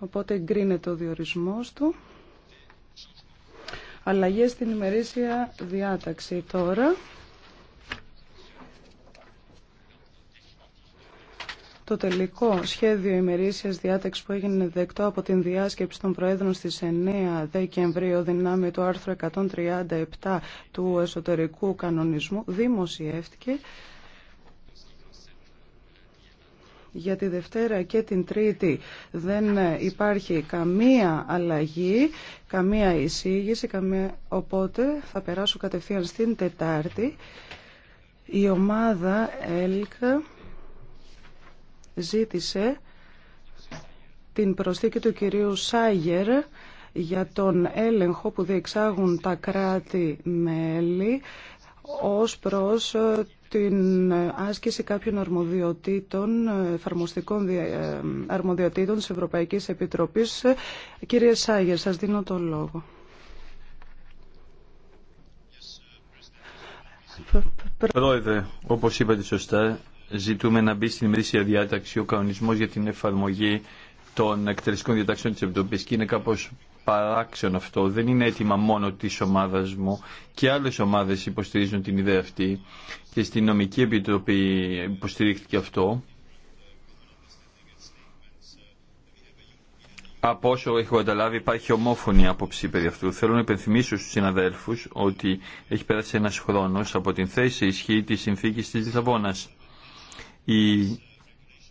Οπότε εγκρίνεται ο διορισμός του. Αλλαγές στην ημερήσια διάταξη τώρα. Το τελικό σχέδιο ημερήσια διάταξης που έγινε δεκτό από την διάσκεψη των Προέδρων στις 9 Δεκεμβρίου δυνάμει του άρθρου 137 του εσωτερικού κανονισμού δημοσιεύτηκε. Για τη Δευτέρα και την Τρίτη δεν υπάρχει καμία αλλαγή, καμία εισήγηση, καμία... οπότε θα περάσω κατευθείαν στην Τετάρτη. Η ομάδα ΕΛΚ ζήτησε την προσθήκη του κυρίου Σάγερ για τον έλεγχο που διεξάγουν τα κράτη-μέλη ως προς την άσκηση κάποιων αρμοδιοτήτων, εφαρμοστικών ε, αρμοδιοτήτων της Ευρωπαϊκής Επιτροπής. Κύριε Σάγερ, σας δίνω το λόγο. Πρόεδρε, όπως είπατε σωστά, ζητούμε να μπει στην μερίσια διάταξη ο κανονισμός για την εφαρμογή των εκτελεστικών διατάξεων της Επιτροπής και είναι κάπως παράξενο αυτό, δεν είναι έτοιμα μόνο τη ομάδα μου και άλλες ομάδες υποστηρίζουν την ιδέα αυτή και στην νομική επιτροπή υποστηρίχθηκε αυτό. Από όσο έχω καταλάβει υπάρχει ομόφωνη άποψη περί αυτού. Θέλω να υπενθυμίσω στους συναδέλφους ότι έχει πέρασει ένας χρόνος από την θέση ισχύ της συνθήκης της Λισαβόνα.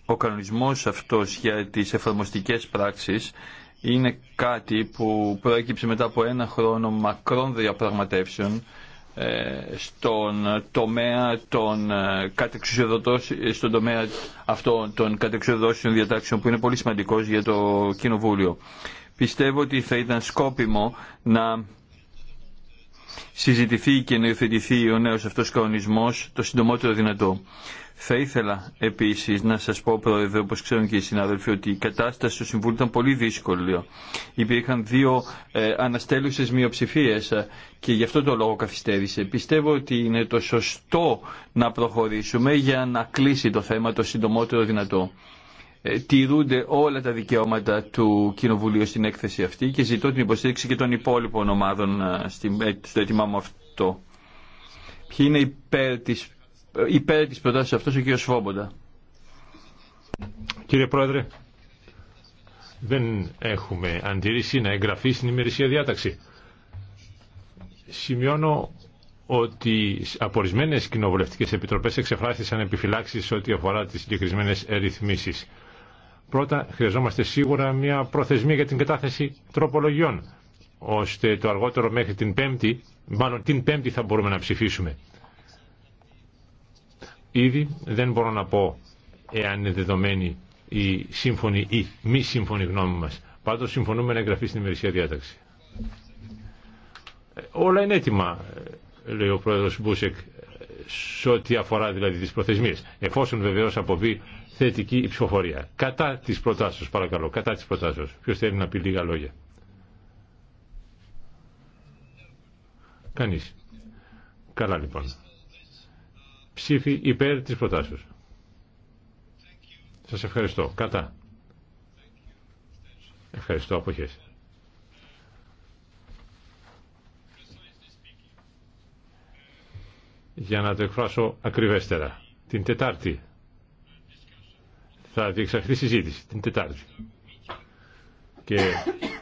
Ο κανονισμός αυτός για τις εφαρμοστικές πράξεις είναι κάτι που προέκυψε μετά από ένα χρόνο μακρών διαπραγματεύσεων ε, στον τομέα των ε, ε, στον τομέα αυτό των διατάξεων που είναι πολύ σημαντικός για το Κοινοβούλιο. Πιστεύω ότι θα ήταν σκόπιμο να συζητηθεί και να ο νέος αυτός κανονισμός το συντομότερο δυνατό. Θα ήθελα επίσης να σας πω, Πρόεδρε, όπως ξέρουν και οι συνάδελφοι, ότι η κατάσταση στο Συμβούλιο ήταν πολύ δύσκολη. Υπήρχαν δύο ε, αναστέλουσες μειοψηφίε και γι' αυτό το λόγο καθυστέρησε. Πιστεύω ότι είναι το σωστό να προχωρήσουμε για να κλείσει το θέμα το συντομότερο δυνατό. Ε, τηρούνται όλα τα δικαιώματα του Κοινοβουλίου στην έκθεση αυτή και ζητώ την υποστήριξη και των υπόλοιπων ομάδων ε, ε, στο έτοιμά μου αυτό. Ποιοι είναι υπέρ τη υπέρ της αυτός ο κ. Σφόμποντα. Κύριε Πρόεδρε, δεν έχουμε αντίρρηση να εγγραφεί στην ημερησία διάταξη. Σημειώνω ότι από ορισμένε κοινοβουλευτικέ επιτροπέ εξεφράστησαν επιφυλάξει ό,τι αφορά τι συγκεκριμένε ρυθμίσει. Πρώτα, χρειαζόμαστε σίγουρα μια προθεσμία για την κατάθεση τροπολογιών, ώστε το αργότερο μέχρι την Πέμπτη, μάλλον την Πέμπτη θα μπορούμε να ψηφίσουμε. Ήδη δεν μπορώ να πω εάν είναι δεδομένη η σύμφωνη ή μη σύμφωνη γνώμη μας. Πάντως συμφωνούμε να εγγραφεί στην ημερησία διάταξη. Ε, όλα είναι έτοιμα, ε, λέει ο πρόεδρος Μπούσεκ σε ό,τι αφορά δηλαδή τις προθεσμίες, εφόσον βεβαίως αποβεί θετική η ψηφοφορία. Κατά τις προτάσεις, παρακαλώ, κατά τις προτάσεις. Ποιος θέλει να πει λίγα λόγια. Κανείς. Καλά λοιπόν. Ψήφι υπέρ της προτάσεως. Σας ευχαριστώ. Κατά. Ευχαριστώ. Αποχές. για να το εκφράσω ακριβέστερα. Την Τετάρτη θα διεξαχθεί συζήτηση, την Τετάρτη. Και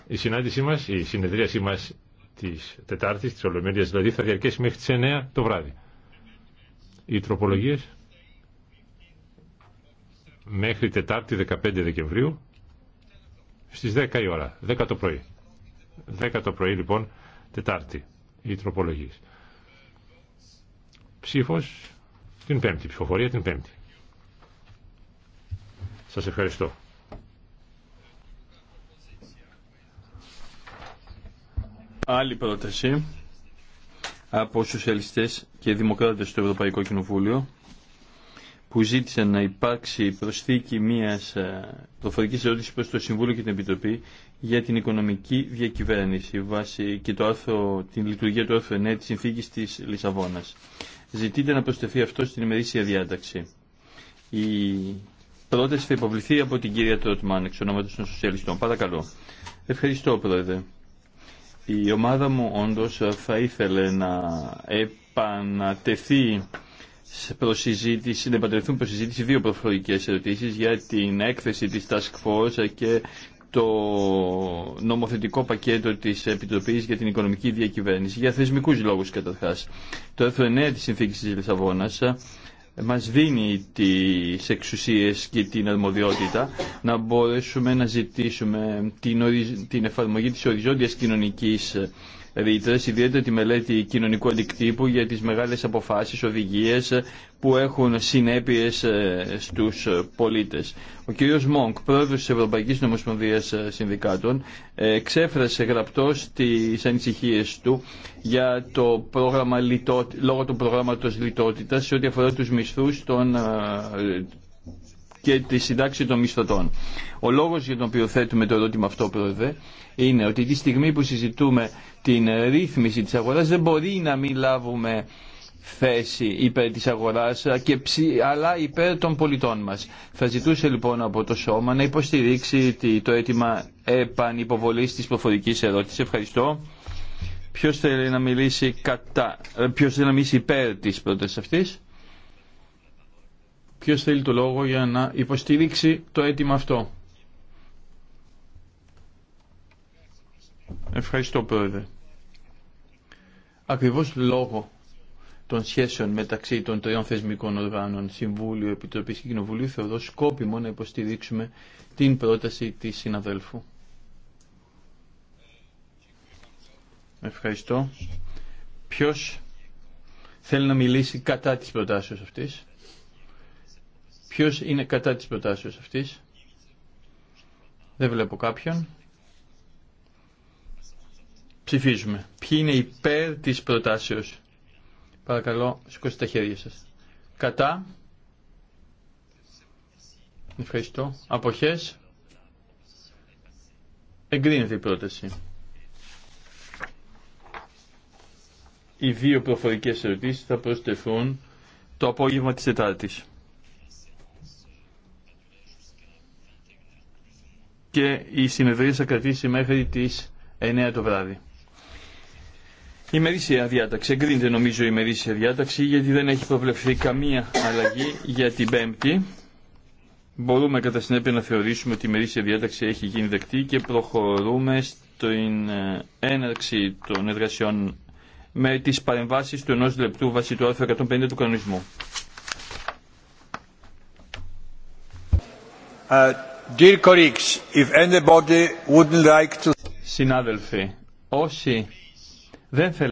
η συνάντησή μας, η συνεδρίασή μας της Τετάρτης, της Ολομέλειας δηλαδή, θα διαρκέσει μέχρι τις 9 το βράδυ. Οι τροπολογίες μέχρι Τετάρτη 15 Δεκεμβρίου στις 10 η ώρα, 10 το πρωί. 10 το πρωί λοιπόν Τετάρτη οι τροπολογίες. Ψήφο την Πέμπτη, ψηφοφορία την Πέμπτη. Σας ευχαριστώ. Άλλη πρόταση από σοσιαλιστές και δημοκράτες στο Ευρωπαϊκό Κοινοβούλιο που ζήτησαν να υπάρξει προσθήκη μιας ε, προφορικής ερώτησης προς το Συμβούλιο και την Επιτροπή για την οικονομική διακυβέρνηση βάσει και το άρθρο, την λειτουργία του άρθρου 9 της Συνθήκης της Λισαβόνας. Ζητείτε να προσθεθεί αυτό στην ημερήσια διάταξη. Η πρόταση θα υποβληθεί από την κυρία Τρότμαν, εξ ονόματο των Σοσιαλιστών. Παρακαλώ. Ευχαριστώ, Πρόεδρε. Η ομάδα μου όντω θα ήθελε να επανατεθεί προσυζήτηση, να επανατεθούν συζήτηση δύο προφορικές ερωτήσεις για την έκθεση της Task Force και το νομοθετικό πακέτο της Επιτροπής για την Οικονομική Διακυβέρνηση για θεσμικούς λόγους καταρχάς. Το έθνο 9 της Συνθήκης της Λισαβόνας ε, μας δίνει τις εξουσίες και την αρμοδιότητα να μπορέσουμε να ζητήσουμε την, την εφαρμογή της οριζόντιας κοινωνικής ρήτρε, δηλαδή, ιδιαίτερα τη μελέτη κοινωνικού αντικτύπου για τις μεγάλες αποφάσεις, οδηγίες που έχουν συνέπειες ε, στους πολίτες. Ο κ. Μόγκ, πρόεδρος της Ευρωπαϊκής Νομοσπονδίας ε, Συνδικάτων, ε, εξέφρασε γραπτό τις ανησυχίες του για το πρόγραμμα λόγω του προγράμματος λιτότητας σε ό,τι αφορά τους μισθούς των και τη συντάξη των μισθωτών. Ο λόγος για τον οποίο θέτουμε το ερώτημα αυτό, Πρόεδρε, είναι ότι τη στιγμή που συζητούμε την ρύθμιση της αγοράς δεν μπορεί να μην λάβουμε θέση υπέρ της αγοράς αλλά υπέρ των πολιτών μας. Θα ζητούσε λοιπόν από το Σώμα να υποστηρίξει το αίτημα επανυποβολής της προφορικής ερώτησης. Ευχαριστώ. Ποιο θέλει να μιλήσει κατά, ε, ποιος θέλει να μιλήσει υπέρ της πρότασης αυτής. Ποιος θέλει το λόγο για να υποστηρίξει το αίτημα αυτό. Ευχαριστώ Πρόεδρε. Ακριβώς λόγω των σχέσεων μεταξύ των τριών θεσμικών οργάνων, Συμβούλιο, Επιτροπής και Κοινοβουλίου, θεωρώ σκόπιμο να υποστηρίξουμε την πρόταση της συναδέλφου. Ευχαριστώ. Ποιος θέλει να μιλήσει κατά της προτάσεως αυτής. Ποιος είναι κατά της προτάσεως αυτής. Δεν βλέπω κάποιον. Ψηφίζουμε. Ποιοι είναι υπέρ της προτάσεως. Παρακαλώ, σηκώστε τα χέρια σας. Κατά. Ευχαριστώ. Αποχές. Εγκρίνεται η πρόταση. Οι δύο προφορικές ερωτήσεις θα προσθεθούν το απόγευμα της Τετάρτης. και η συνεδρία θα κρατήσει μέχρι τις 9 το βράδυ. Η μερίσια διάταξη, εγκρίνεται νομίζω η μερίσια διάταξη γιατί δεν έχει προβλεφθεί καμία αλλαγή για την Πέμπτη. Μπορούμε κατά συνέπεια να θεωρήσουμε ότι η μερίσια διάταξη έχει γίνει δεκτή και προχωρούμε στην ε, έναρξη των εργασιών με τις παρεμβάσεις του ενός λεπτού βάσει του άρθρου 150 του κανονισμού. Uh... Συνάδελφοι, όσοι δεν θέλουν να.